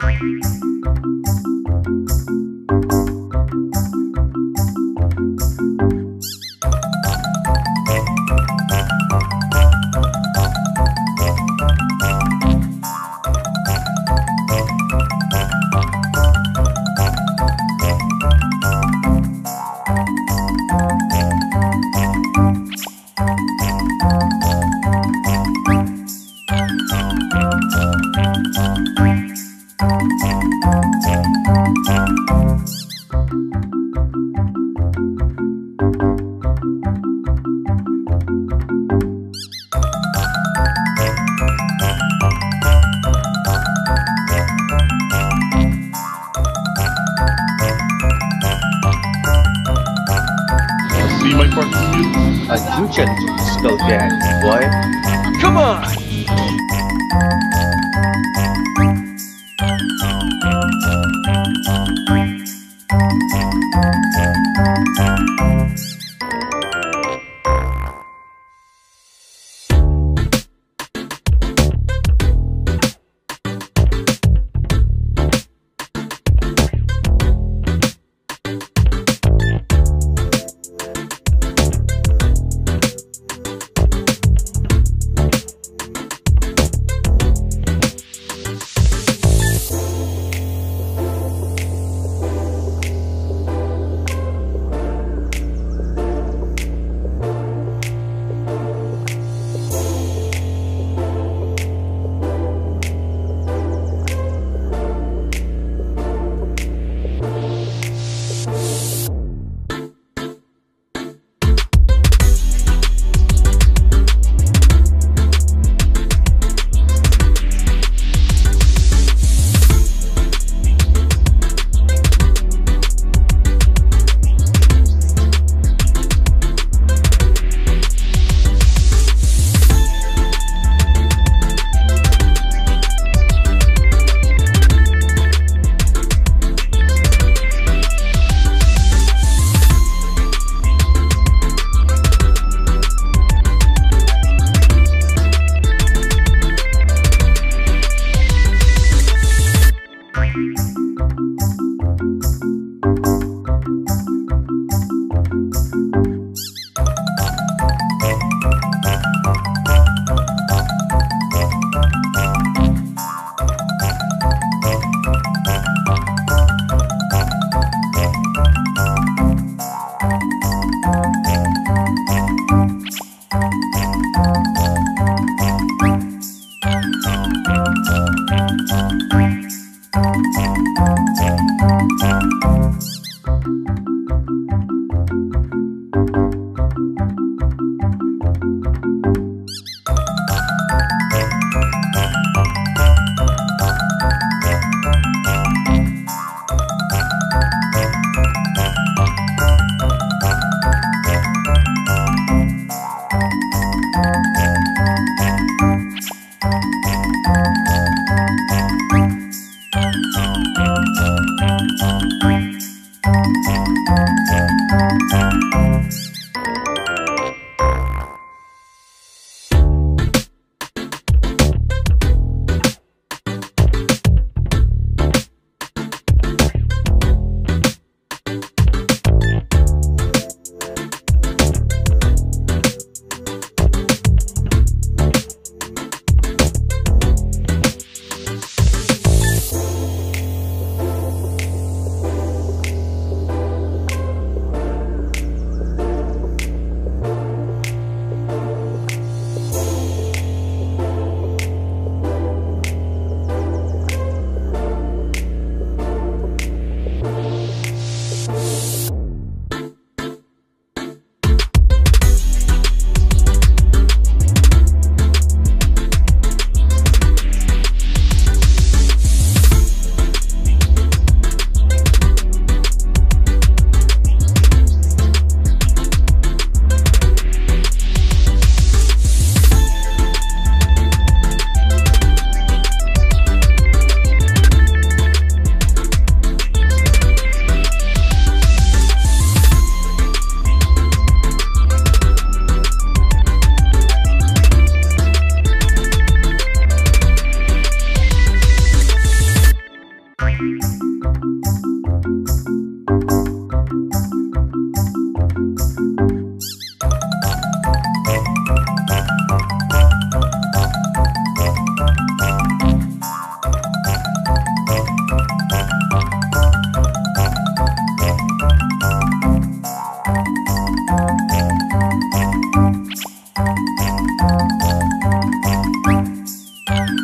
Thank you. Gucci disco dance, boy. Come on! Thank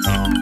Um.